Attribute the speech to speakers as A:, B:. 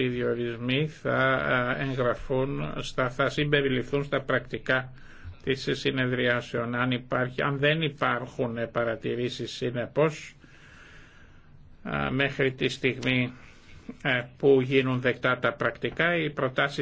A: οι διορισμοί θα εγγραφούν, στα, θα συμπεριληφθούν στα πρακτικά της συνεδριάσεων. Αν, υπάρχει, αν δεν υπάρχουν παρατηρήσεις συνεπώς μέχρι τη στιγμή ε, που γίνουν
B: δεκτά τα πρακτικά, οι προτάσεις